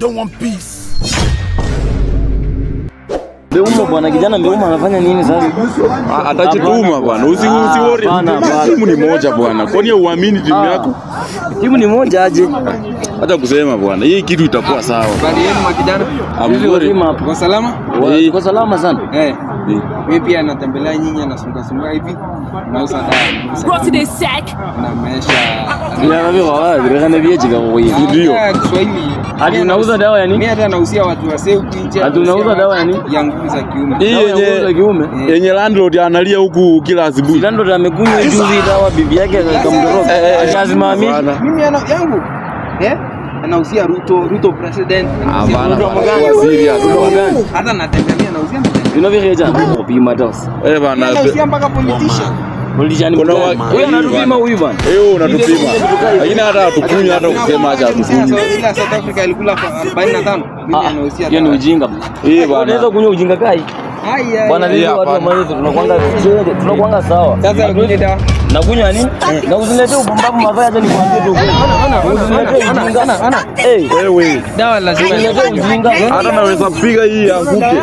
don't want peace. Beuma bwana, kijana Beuma anafanya nini sasa? Ah, Atachotuma bwana, usi usi ah, worry bwana, Timu ni moja bwana, kwani uamini timu ah. yako? Timu ni moja aje? Hata kusema bwana, hii kitu itakuwa sawa. Bali yenu makijana, kwa salama? Kwa salama sana. Eh. Mimi pia natembelea nyinyi na sunga sunga hivi. Nausa dawa. Go to the sack. Na mesha. Ni nani wao, Ni nani vieje kwa hiyo? ndio. Ati unauza dawa ya nini? Mimi hata nauzia watu wa seuti nje. Ati unauza dawa ya nini? Ya nguvu za kiume. Hii yenye za kiume. Eh. Yenye landlord analia huku kila asubuhi. Landlord amekunywa juzi dawa bibi yake akamdoroga. Eh, eh, Lazima mimi ana yangu. Eh? Anauzia Ruto, Ruto president. Hapana. Ah, Ruto mganga. Serious. Ruto mganga. Hata natembea mimi anausia. Unavyoelewa? Kupima dawa. Eh bana. Anauzia mpaka politician. Huyu eh, ah, eh, Unaweza kunywa ujinga kai. Bwana tunakuanga sawa. Nakunywa nini? Eh. Na usinilete upumbavu mavaya hata nikwambie tu. Ana ana ana ana. Eh, wewe. Dawa lazima. Hata naweza kupiga hii anguke.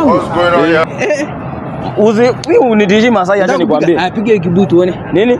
Uzi, wewe unidiji Masai acha nikwambie. Apige kibutu uone. Nini?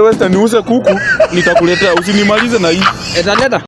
niende Western niuze kuku, nitakuletea usinimalize na hii. Etaleta.